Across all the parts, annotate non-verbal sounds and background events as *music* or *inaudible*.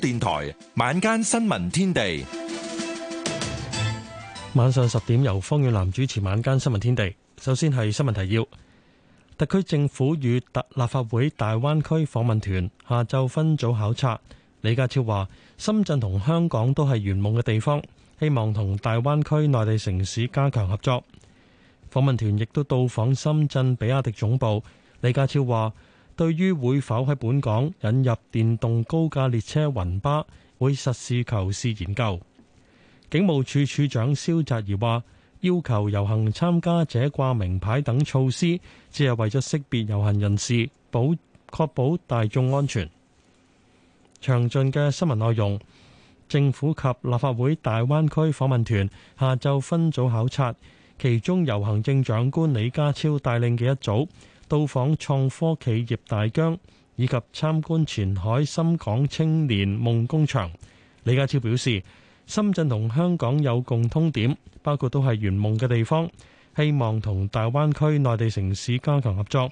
電台晚間新聞天地，晚上十點由方遠南主持晚間新聞天地。首先係新聞提要：特區政府與特立法會大灣區訪問團下晝分組考察。李家超話，深圳同香港都係圓夢嘅地方，希望同大灣區內地城市加強合作。訪問團亦都到訪深圳比亞迪總部。李家超話。對於會否喺本港引入電動高架列車雲巴，會實事求是研究。警務處處長蕭澤頤話：要求遊行參加者掛名牌等措施，只係為咗識別遊行人士，保確保大眾安全。詳盡嘅新聞內容，政府及立法會大灣區訪問團下晝分組考察，其中由行政長官李家超帶領嘅一組，到訪創科企業大疆，以及參觀前海深港青年夢工場。李家超表示，深圳同香港有共通點，包括都係圓夢嘅地方，希望同大灣區內地城市加強合作。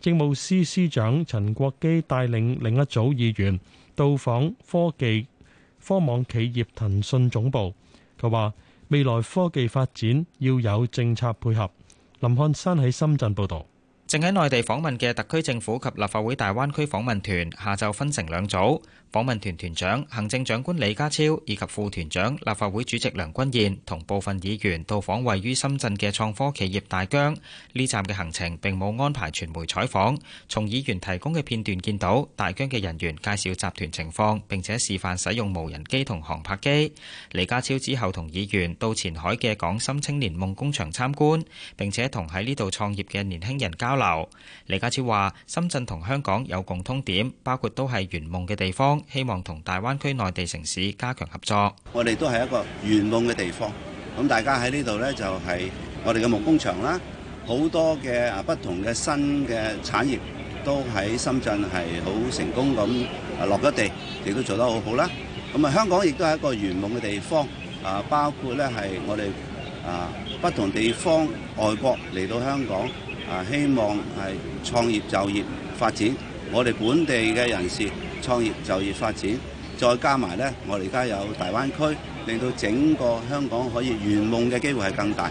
政務司司長陳國基帶領另一組議員到訪科技科網企業騰訊總部。佢話：未來科技發展要有政策配合。林漢山喺深圳報導。正喺內地訪問嘅特區政府及立法會大灣區訪問團下晝分成兩組，訪問團團長行政長官李家超以及副團長立法會主席梁君彥同部分議員到訪位於深圳嘅創科企業大疆。呢站嘅行程並冇安排傳媒採訪。從議員提供嘅片段見到，大疆嘅人員介紹集團情況，並且示範使用無人機同航拍機。李家超之後同議員到前海嘅港深青年夢工場參觀，並且同喺呢度創業嘅年輕人交流李家超話：深圳同香港有共通點，包括都係圓夢嘅地方，希望同大灣區內地城市加強合作。我哋都係一個圓夢嘅地方，咁大家喺呢度呢就係我哋嘅夢工場啦，好多嘅啊不同嘅新嘅產業都喺深圳係好成功咁啊落咗地，亦都做得好好啦。咁啊香港亦都係一個圓夢嘅地方啊，包括呢係我哋啊不同地方外國嚟到香港。啊！希望係創業就業發展，我哋本地嘅人士創業就業發展，再加埋咧，我哋而家有大灣區，令到整個香港可以圓夢嘅機會係更大。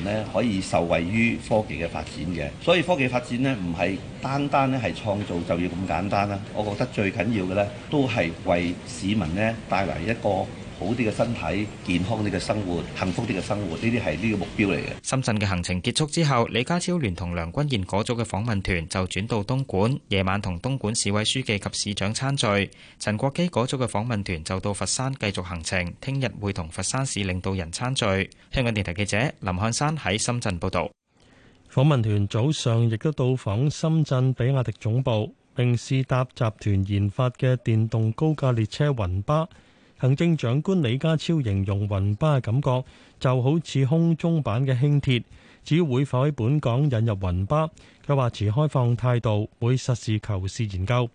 可以受惠於科技嘅發展嘅，所以科技發展咧唔係單單咧係創造就要咁簡單啦。我覺得最緊要嘅咧，都係為市民咧帶嚟一個。好啲嘅身體健康，啲嘅生活幸福，啲嘅生活，呢啲係呢個目標嚟嘅。深圳嘅行程結束之後，李家超聯同梁君彥嗰組嘅訪問團就轉到東莞，夜晚同東莞市委書記及市長餐聚。陳國基嗰組嘅訪問團就到佛山繼續行程，聽日會同佛山市領導人餐聚。香港電台記者林漢山喺深圳報道。訪問團早上亦都到訪深圳比亞迪總部，並試搭集團研發嘅電動高架列車雲巴。行政長官李家超形容雲巴嘅感覺就好似空中版嘅輕鐵，至於會否喺本港引入雲巴，佢話持開放態度，會實事求是研究。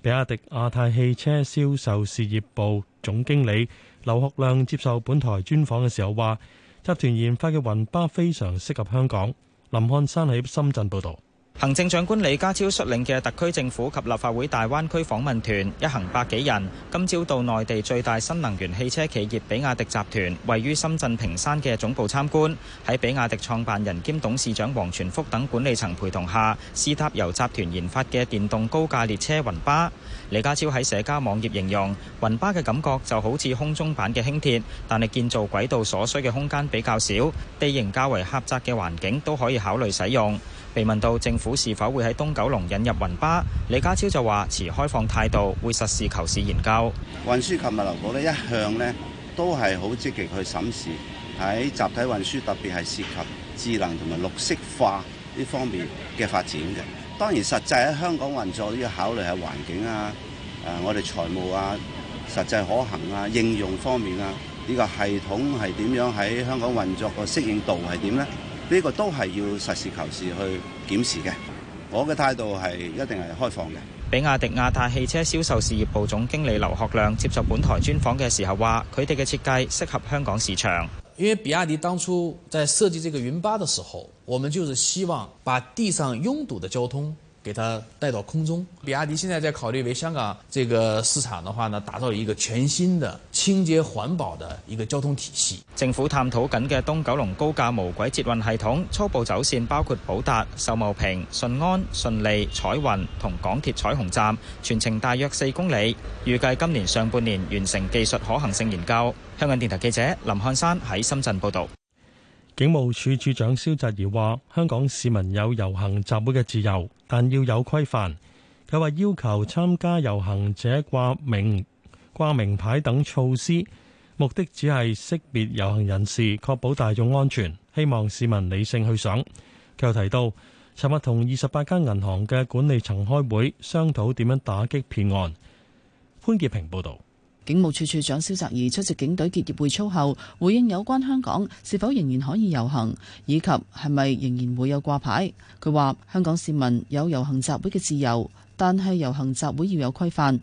比亞迪亞太汽車銷售事業部總經理劉學亮接受本台專訪嘅時候話，集團研發嘅雲巴非常適合香港。林漢山喺深圳報道。行政長官李家超率領嘅特區政府及立法會大灣區訪問團一行百幾人，今朝到內地最大新能源汽車企業比亞迪集團位於深圳坪山嘅總部參觀，喺比亞迪創辦人兼董事長王傳福等管理層陪同下試搭由集團研發嘅電動高架列車雲巴。李家超喺社交網頁形容雲巴嘅感覺就好似空中版嘅輕鐵，但係建造軌道所需嘅空間比較少，地形較為狹窄嘅環境都可以考慮使用。被問到政府是否會喺東九龍引入雲巴，李家超就話持開放態度，會實事求是研究。運輸及物流局呢，一向呢，都係好積極去審視喺集體運輸，特別係涉及智能同埋綠色化呢方面嘅發展嘅。當然實際喺香港運作都要考慮下環境啊，誒我哋財務啊，實際可行啊，應用方面啊，呢個系統係點樣喺香港運作個適應度係點呢？呢、這個都係要實事求是去檢視嘅，我嘅態度係一定係開放嘅。比亞迪亞太汽車銷售事業部總經理劉學亮接受本台專訪嘅時候話，佢哋嘅設計適合香港市場，因為比亞迪當初在設計這個雲巴的時候，我們就是希望把地上擁堵的交通。給它帶到空中。比亞迪現在在考慮為香港這個市場的話呢，打造一個全新的清潔環保的一個交通體系。政府探討緊嘅東九龍高架無軌捷運系統初步走線包括寶達、秀茂坪、順安、順利、彩雲同港鐵彩虹站，全程大約四公里，預計今年上半年完成技術可行性研究。香港電台記者林漢山喺深圳報道。警務處處長蕭澤頤話：香港市民有遊行集會嘅自由，但要有規範。佢話要求參加遊行者掛名、掛名牌等措施，目的只係識別遊行人士，確保大眾安全。希望市民理性去想。佢又提到，尋日同二十八間銀行嘅管理層開會，商討點樣打擊騙案。潘潔平報道。警務處處長蕭澤頤出席警隊結業會操後，回應有關香港是否仍然可以遊行，以及係咪仍然會有掛牌。佢話香港市民有遊行集會嘅自由，但係遊行集會要有規範，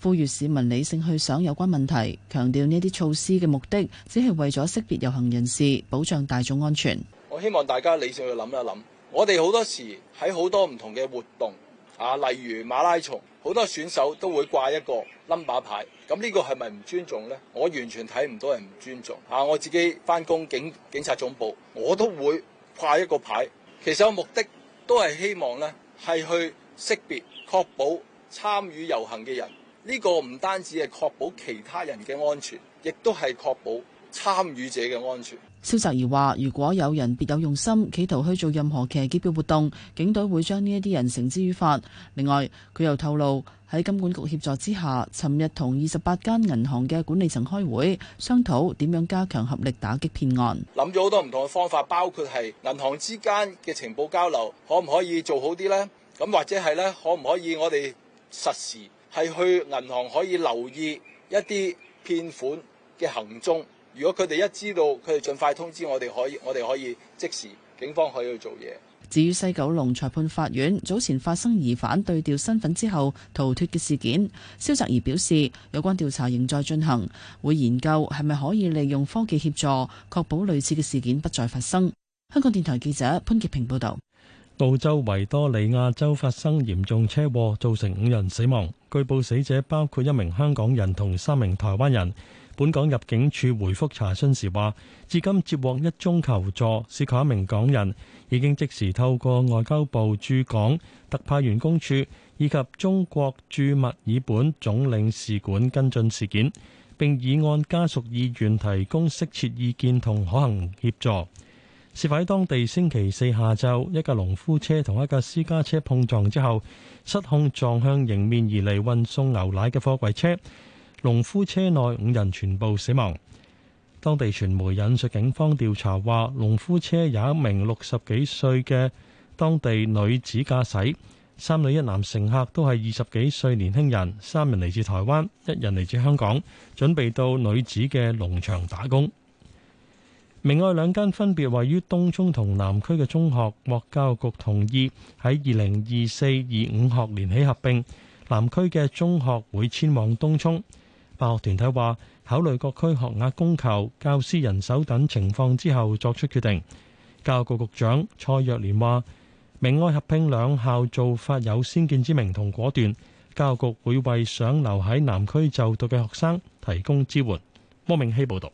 呼籲市民理性去想有關問題，強調呢啲措施嘅目的，只係為咗識別遊行人士，保障大眾安全。我希望大家理性去諗一諗，我哋好多時喺好多唔同嘅活動啊，例如馬拉松。好多選手都會掛一個 number 牌，咁呢個係咪唔尊重呢？我完全睇唔到係唔尊重。我自己返工警警察總部，我都會掛一個牌。其實我目的都係希望呢係去識別，確保參與遊行嘅人。呢個唔單止係確保其他人嘅安全，亦都係確保。參與者嘅安全。蕭澤頤話，如果有人別有用心，企圖去做任何騎劫嘅活動，警隊會將呢一啲人繩之於法。另外，佢又透露喺金管局協助之下，尋日同二十八間銀行嘅管理層開會，商討點樣加強合力打擊騙案。諗咗好多唔同嘅方法，包括係銀行之間嘅情報交流，可唔可以做好啲咧？咁或者係咧，可唔可以我哋實時係去銀行可以留意一啲騙款嘅行蹤。如果佢哋一知道，佢哋盡快通知我哋，可以我哋可以即時警方可以去做嘢。至於西九龍裁判法院早前發生疑犯對調身份之後逃脫嘅事件，蕭澤怡表示，有關調查仍在進行，會研究係咪可以利用科技協助確保類似嘅事件不再發生。香港電台記者潘潔平報道。澳洲維多利亞州發生嚴重車禍造成五人死亡，據報死者包括一名香港人同三名台灣人。本港入境處回覆查詢時話，至今接獲一宗求助，涉及一名港人，已經即時透過外交部駐港特派員工處以及中國駐墨爾本總領事館跟進事件，並已按家屬意願提供適切意見同可行協助。事發喺當地星期四下晝，一架農夫車同一架私家車碰撞之後失控撞向迎面而嚟運送牛奶嘅貨櫃車。農夫車內五人全部死亡。當地傳媒引述警方調查話，農夫車有一名六十幾歲嘅當地女子駕駛，三女一男乘客都係二十幾歲年輕人，三人嚟自台灣，一人嚟自香港，準備到女子嘅農場打工。明愛兩間分別位於東涌同南區嘅中學獲教育局同意喺二零二四二五學年起合併，南區嘅中學會遷往東涌。辦學團體話，考慮各區學額供求、教師人手等情況之後作出決定。教育局局長蔡若蓮話，明愛合併兩校做法有先見之明同果斷，教育局會為想留喺南區就讀嘅學生提供支援。莫明希報道。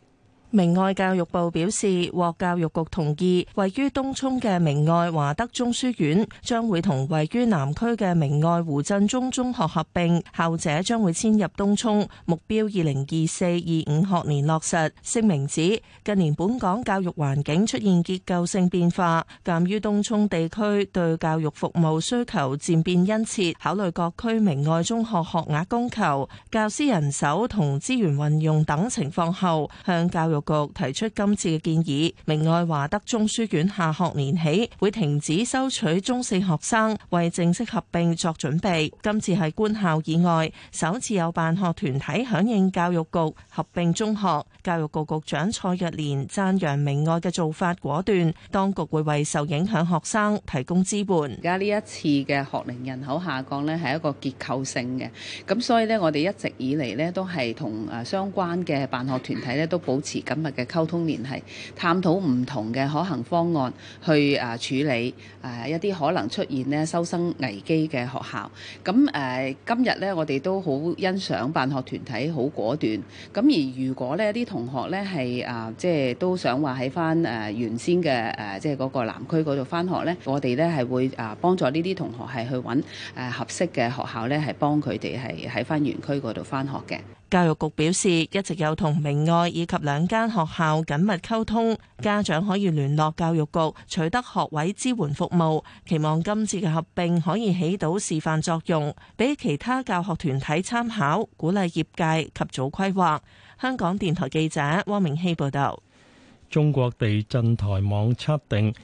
明愛教育部表示，獲教育局同意，位於東涌嘅明愛華德中書院將會同位於南區嘅明愛胡振中中學合併，後者將會遷入東涌，目標二零二四二五學年落實。聲明指，近年本港教育環境出現結構性變化，鑒於東涌地區對教育服務需求漸變殷切，考慮各區明愛中學學額供求、教師人手同資源運用等情況後，向教育局提出今次嘅建議，明愛華德中書院下學年起會停止收取中四學生，為正式合併作準備。今次係官校以外首次有辦學團體響應教育局合併中學。教育局局長蔡若蓮讚揚明愛嘅做法果斷，當局會為受影響學生提供支援。而家呢一次嘅學齡人口下降咧，係一個結構性嘅，咁所以咧，我哋一直以嚟咧都係同誒相關嘅辦學團體咧都保持。今日嘅溝通聯繫，探討唔同嘅可行方案去誒處理誒一啲可能出現咧收生危機嘅學校。咁誒今日咧，我哋都好欣賞辦學團體好果斷。咁而如果呢啲同學咧係誒即係都想話喺翻誒原先嘅誒即係嗰個南區嗰度翻學咧，我哋咧係會誒幫助呢啲同學係去揾誒合適嘅學校咧，係幫佢哋係喺翻園區嗰度翻學嘅。教育局表示，一直有同明愛以及兩間。間學校緊密溝通，家長可以聯絡教育局，取得學位支援服務。期望今次嘅合併可以起到示範作用，俾其他教學團體參考，鼓勵業界及早規劃。香港電台記者汪明希報道。中國地震台網測定，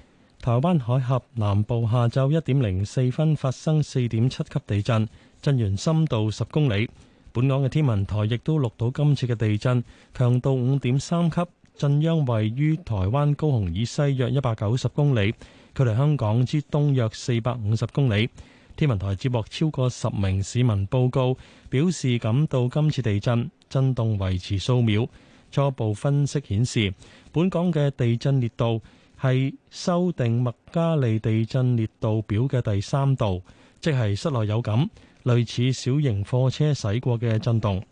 台灣海峽南部下晝一點零四分發生四點七級地震，震源深度十公里。本港嘅天文台亦都錄到今次嘅地震，強度五點三級，震央位於台灣高雄以西約一百九十公里，距離香港之東約四百五十公里。天文台接獲超過十名市民報告，表示感到今次地震震動維持數秒。初步分析顯示，本港嘅地震烈度係修訂麥加利地震烈度表嘅第三度，即係室內有感。類似小型貨車駛過嘅震動。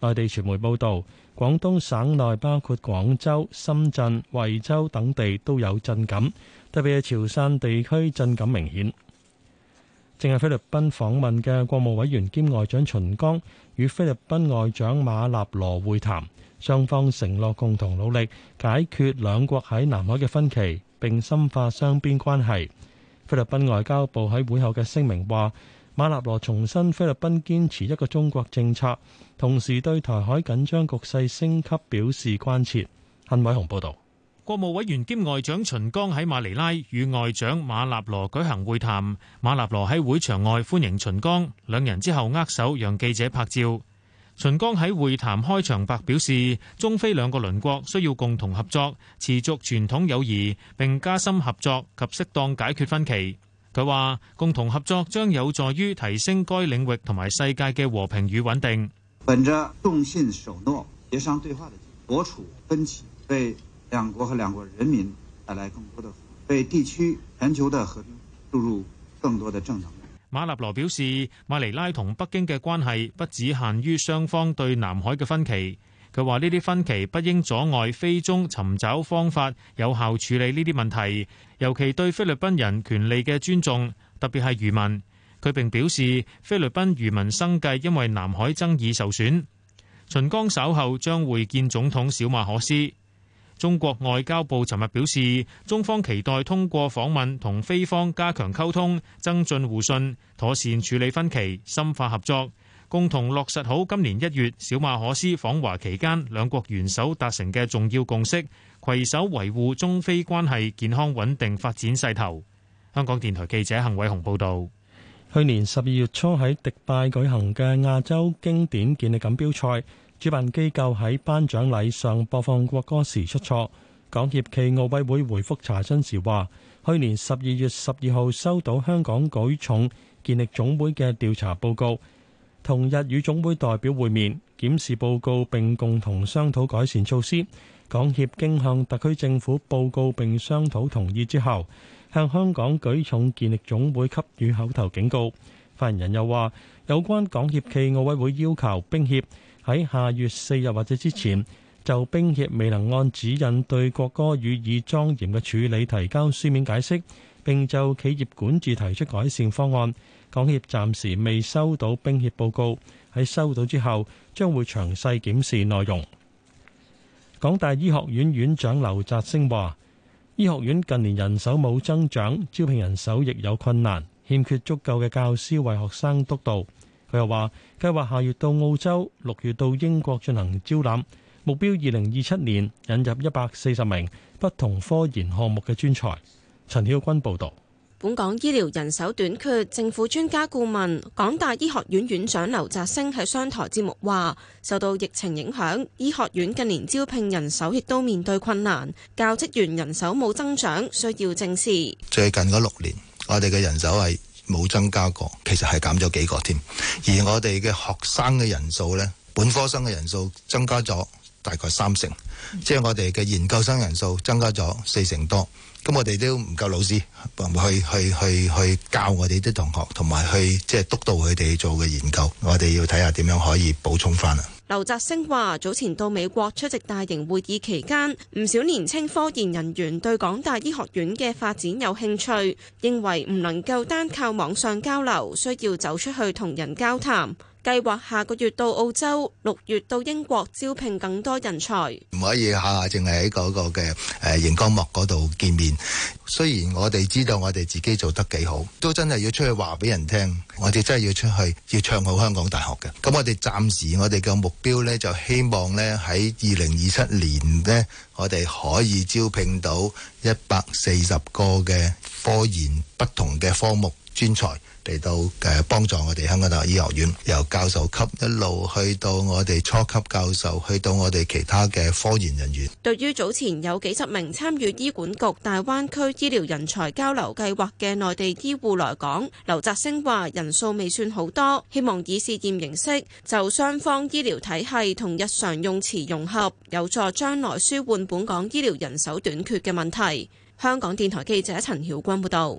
內地傳媒報導，廣東省內包括廣州、深圳、惠州等地都有震感，特別係潮汕地區震感明顯。正係菲律賓訪問嘅國務委員兼外長秦剛與菲律賓外長馬納羅會談，雙方承諾共同努力解決兩國喺南海嘅分歧，並深化雙邊關係。菲律賓外交部喺會後嘅聲明話。馬納羅重申菲律賓堅持一個中國政策，同時對台海緊張局勢升級表示關切。幸偉雄報導。國務委員兼外長秦剛喺馬尼拉與外長馬納羅舉行會談，馬納羅喺會場外歡迎秦剛，兩人之後握手讓記者拍照。秦剛喺會談開場白表示，中菲兩個鄰國需要共同合作，持續傳統友誼，並加深合作及適當解決分歧。佢話：共同合作將有助於提升該領域同埋世界嘅和平與穩定。本着重信守諾、協商對話的博處分歧，為兩國和兩國人民帶來更多的福，為地區全球的和平注入更多的正能量。馬立羅表示，馬尼拉同北京嘅關係不止限於雙方對南海嘅分歧。佢話：呢啲分歧不應阻礙菲中尋找方法有效處理呢啲問題，尤其對菲律賓人權利嘅尊重，特別係漁民。佢並表示，菲律賓漁民生計因為南海爭議受損。秦剛稍後將會見總統小馬可斯。中國外交部尋日表示，中方期待通過訪問同菲方加強溝通，增進互信，妥善處理分歧，深化合作。共同落實好今年一月小馬可斯訪華期間，兩國元首達成嘅重要共識，攜手維護中菲關係健康穩定發展勢頭。香港電台記者幸偉雄報道。去年十二月初喺迪拜舉行嘅亞洲經典健力錦標賽，主辦機構喺頒獎禮上播放國歌時出錯。港協暨奧委會回覆查詢時話，去年十二月十二號收到香港舉重健力總會嘅調查報告。同日與總會代表會面，檢視報告並共同商討改善措施。港協經向特區政府報告並商討同意之後，向香港舉重健力總會給予口頭警告。發言人又話：有關港協暨奧委會要求，冰協喺下月四日或者之前就冰協未能按指引對國歌予以莊嚴嘅處理提交書面解釋，並就企業管治提出改善方案。港協暫時未收到冰協報告，喺收到之後將會詳細檢視內容。港大醫學院院長劉澤星話，醫學院近年人手冇增長，招聘人手亦有困難，欠缺足夠嘅教師為學生督導。佢又話，計劃下月到澳洲，六月到英國進行招攬，目標二零二七年引入一百四十名不同科研項目嘅專才。陳曉君報導。本港醫療人手短缺，政府專家顧問港大醫學院院長劉澤星喺商台節目話：受到疫情影響，醫學院近年招聘人手亦都面對困難，教職員人手冇增長，需要正視。最近嗰六年，我哋嘅人手係冇增加過，其實係減咗幾個添。而我哋嘅學生嘅人數呢，本科生嘅人數增加咗大概三成，即係我哋嘅研究生人數增加咗四成多。咁我哋都唔夠老師去去去去教我哋啲同學，同埋去即係督導佢哋做嘅研究，我哋要睇下點樣可以補充返啊？劉澤星話：早前到美國出席大型會議期間，唔少年青科研人員對港大醫學院嘅發展有興趣，認為唔能夠單靠網上交流，需要走出去同人交談。計劃下個月到澳洲，六月到英國招聘更多人才。唔可以下下淨係喺嗰個嘅誒熒光幕嗰度見面。雖然我哋知道我哋自己做得幾好，都真係要出去話俾人聽。我哋真係要出去，要唱好香港大學嘅。咁我哋暫時我哋嘅目標呢，就希望呢喺二零二七年呢，我哋可以招聘到一百四十個嘅科研不同嘅科目專才。嚟到誒幫助我哋香港大學醫學院，由教授級一路去到我哋初級教授，去到我哋其他嘅科研人員。對於早前有幾十名參與醫管局大灣區醫療人才交流計劃嘅內地醫護來講，劉澤星話人數未算好多，希望以試驗形式就雙方醫療體系同日常用詞融合，有助將來舒緩本港醫療人手短缺嘅問題。香港電台記者陳曉君報道。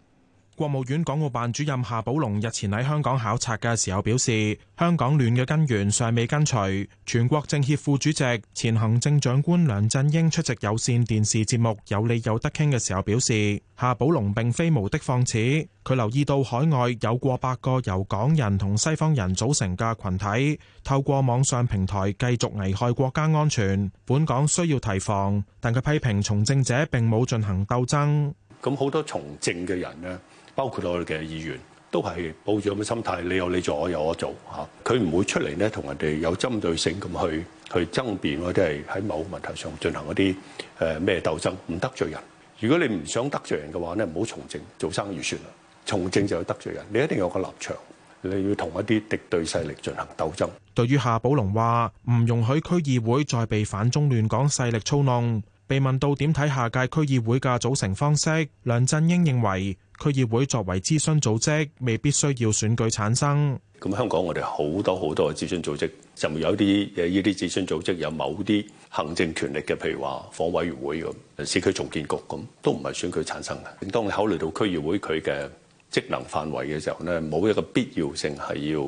國務院港澳辦主任夏寶龍日前喺香港考察嘅時候表示，香港亂嘅根源尚未根除。全國政協副主席、前行政長官梁振英出席有綫電視節目《有理有得傾》嘅時候表示，夏寶龍並非無的放矢。佢留意到海外有過百個由港人同西方人組成嘅群體，透過網上平台繼續危害國家安全。本港需要提防，但佢批評從政者並冇進行鬥爭。咁好多從政嘅人呢。包括我哋嘅議員都係抱住咁嘅心態，你有你做，我有我做嚇。佢唔會出嚟呢，同人哋有針對性咁去去爭辯，或者係喺某個問題上進行一啲誒咩鬥爭，唔得罪人。如果你唔想得罪人嘅話呢，唔好從政，做生意算啦。從政就要得罪人，你一定要有個立場，你要同一啲敵對勢力進行鬥爭。對於夏寶龍話唔容許區議會再被反中亂港勢力操弄。被問到點睇下屆區議會嘅組成方式，梁振英認為區議會作為諮詢組織，未必需要選舉產生。咁香港我哋好多好多嘅諮詢組織，就有啲誒呢啲諮詢組織有某啲行政權力嘅，譬如話房委員會咁、市區重建局咁，都唔係選舉產生嘅。當你考慮到區議會佢嘅職能範圍嘅時候呢，冇一個必要性係要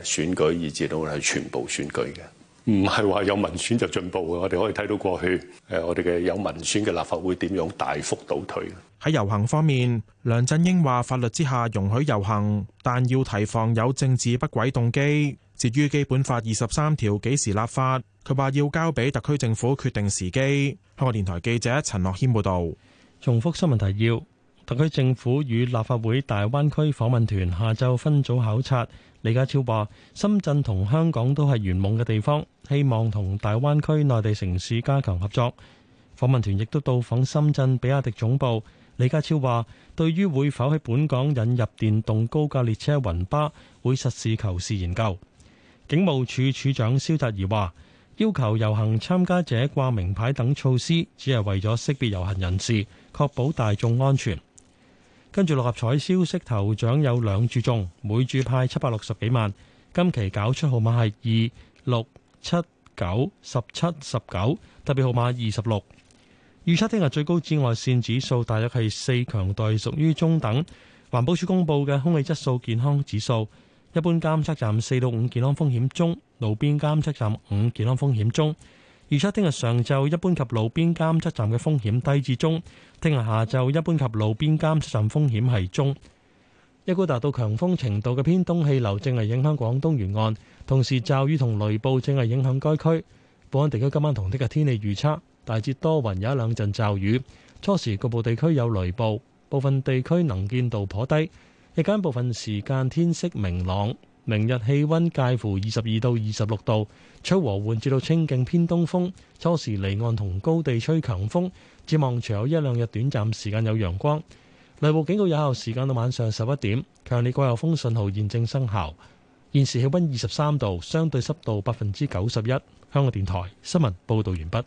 誒選舉，以至到係全部選舉嘅。唔係話有民選就進步嘅，我哋可以睇到過去誒，我哋嘅有民選嘅立法會點樣大幅倒退。喺遊行方面，梁振英話法律之下容許遊行，但要提防有政治不軌動機。至於基本法二十三條幾時立法，佢話要交俾特區政府決定時機。香港電台記者陳樂謙報道。重複新聞提要：特區政府與立法會大灣區訪問團下晝分組考察。李家超話：深圳同香港都係圓夢嘅地方，希望同大灣區內地城市加強合作。訪問團亦都到訪深圳比亞迪總部。李家超話：對於會否喺本港引入電動高架列車雲巴，會實事求是研究。警務處處長蕭澤頤話：要求遊行參加者掛名牌等措施，只係為咗識別遊行人士，確保大眾安全。跟住六合彩消息，頭獎有兩注中，每注派七百六十幾萬。今期搞出號碼係二六七九十七十九，特別號碼二十六。預測聽日最高紫外線指數大約係四，強度屬於中等。環保署公布嘅空氣質素健康指數，一般監測站四到五健康風險中，路邊監測站五健康風險中。預測聽日上晝一般及路邊監測站嘅風險低至中，聽日下晝一般及路邊監測站風險係中。一股達到強風程度嘅偏東氣流正係影響廣東沿岸，同時驟雨同雷暴正係影響該區。本港地區今晚同聽日天氣預測，大致多雲，有一兩陣驟雨，初時局部地區有雷暴，部分地區能見度頗低，日間部分時間天色明朗。明日氣溫介乎二十二到二十六度，吹和緩至到清勁偏東風，初時離岸同高地吹強風，展望除有一兩日短暫時間有陽光，雷暴警告有效時間到晚上十一點，強烈季候風信號現正生效。現時氣溫二十三度，相對濕度百分之九十一。香港電台新聞報道完畢。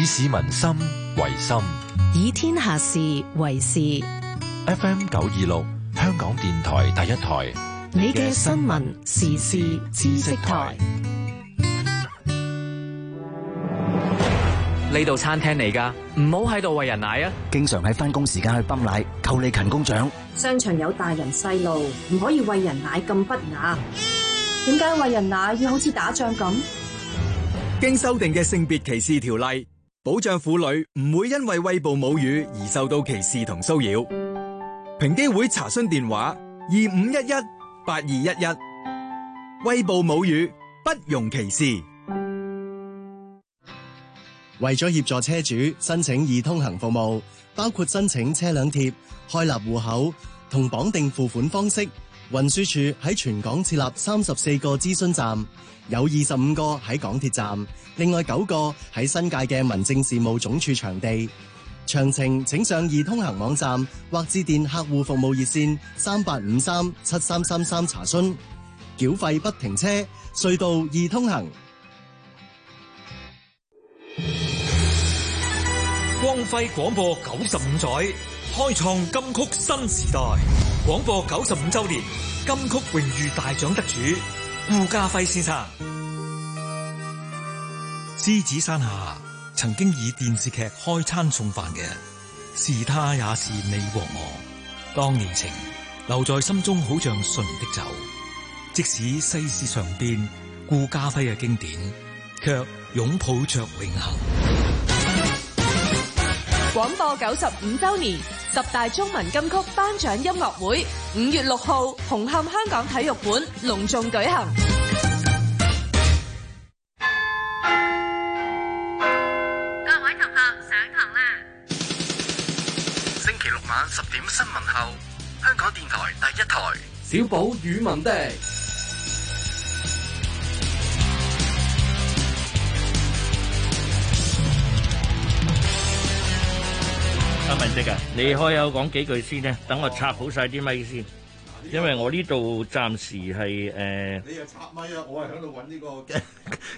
以市民心為心，以天下事為事。F.M. 九二六。香港電台第一台，你嘅新聞時事知識台。呢度餐廳嚟㗎，唔好喺度喂人奶啊！經常喺返工時間去泵奶，扣你勤工獎。商場有大人細路，唔可以喂人奶咁不雅。點解喂人奶要好似打仗咁？經修訂嘅性別歧視條例，保障婦女唔會因為喂哺母乳而受到歧視同騷擾。平機會查詢電話：二五一一八二一一。威報母語，不容歧視。為咗協助車主申請易通行服務，包括申請車輛貼、開立戶口同綁定付款方式，運輸署喺全港設立三十四個諮詢站，有二十五個喺港鐵站，另外九個喺新界嘅民政事務總署場地。詳情請上易通行網站，或致電客戶服務熱線三八五三七三三三查詢。繳費不停車，隧道易通行。光輝廣播九十五載，開創金曲新時代。廣播九十五周年金曲榮譽大獎得主顧嘉煇先生，獅子山下。曾經以電視劇開餐送飯嘅，是他也是你和我。當年情留在心中，好像醇的酒。即使世事常變，顧嘉輝嘅經典却擁抱着永恒。廣播九十五周年十大中文金曲頒獎音樂會五月六號紅磡香港體育館隆重舉行。小寶宇文迪，阿、啊、文迪啊，你開口講幾句先咧，等我插好晒啲咪先。因為我呢度暫時係誒、嗯嗯嗯嗯，你又插咪、 *laughs* 哦、啊，我係喺度揾呢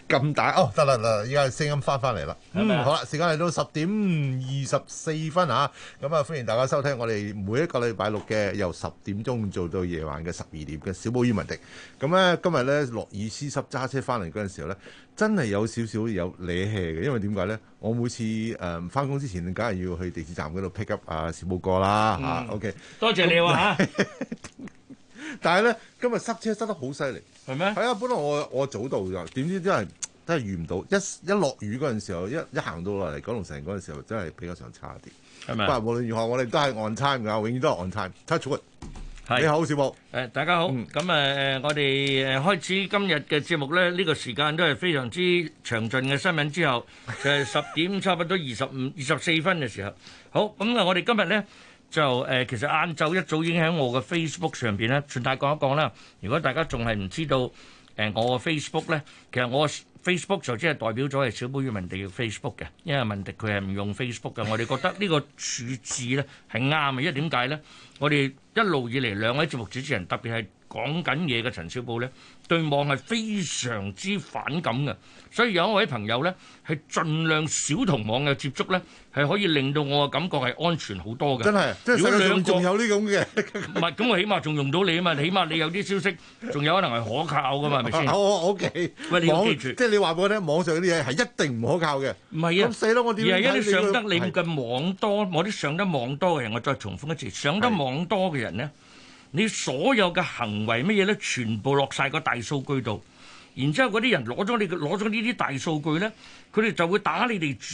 個咁大哦，得啦啦，依家聲音翻翻嚟啦。好啦，時間嚟到十點二十四分啊，咁啊歡迎大家收聽我哋每一個禮拜六嘅由十點鐘做到夜晚嘅十二點嘅小寶與文迪。咁咧今日咧落雨濕濕，揸車翻嚟嗰陣時候咧，真係有少少有理 h 嘅，因為點解咧？我每次誒翻工之前，梗係要去地鐵站嗰度 pick up 啊小寶哥啦吓。O K，多謝你話吓。啊啊 *laughs* 但係咧，今日塞車塞得好犀利，係咩？係啊，本來我我早到㗎，點知真係真係遇唔到，一一落雨嗰陣時候，一一行到落嚟九龍城嗰陣時候，真係比較想差啲。係咪？不過無論如何，我哋都係 on time 㗎，永遠都係 on time touch wood。你好，小寶。誒、呃，大家好。咁誒、呃，我哋誒開始今日嘅節目咧，呢、這個時間都係非常之詳盡嘅新聞之後，就係、是、十點差不多二十五、二十四分嘅時候。好，咁啊，我哋今日咧。就誒、呃，其實晏晝一早已經喺我嘅 Facebook 上邊咧，盡大講一講啦。如果大家仲係唔知道誒、呃、我嘅 Facebook 咧，其實我 Facebook 就即係代表咗係小寶與文迪嘅 Facebook 嘅，因為文迪佢係唔用 Facebook 嘅。我哋覺得呢個處置咧係啱嘅，因為點解咧？我哋一路以嚟兩位節目主持人特別係。講緊嘢嘅陳小寶咧，對網係非常之反感嘅，所以有一位朋友咧係盡量少同網友接觸咧，係可以令到我嘅感覺係安全好多嘅。真係，即係所以兩個有呢咁嘅，唔係咁我起碼仲用到你啊嘛，起碼你有啲消息仲有可能係可靠㗎嘛，係咪先？好，O K。喂，你記住，即係你話畀我聽，網上嗰啲嘢係一定唔可靠嘅。唔係啊，咁死啦！我點而係一啲上得你嘅網多，我啲上得網多嘅人，我再重複一次，上得網多嘅人咧。你所有嘅行為咩嘢咧，全部落曬個大數據度，然之後嗰啲人攞咗你攞咗呢啲大數據咧，佢哋就會打你哋。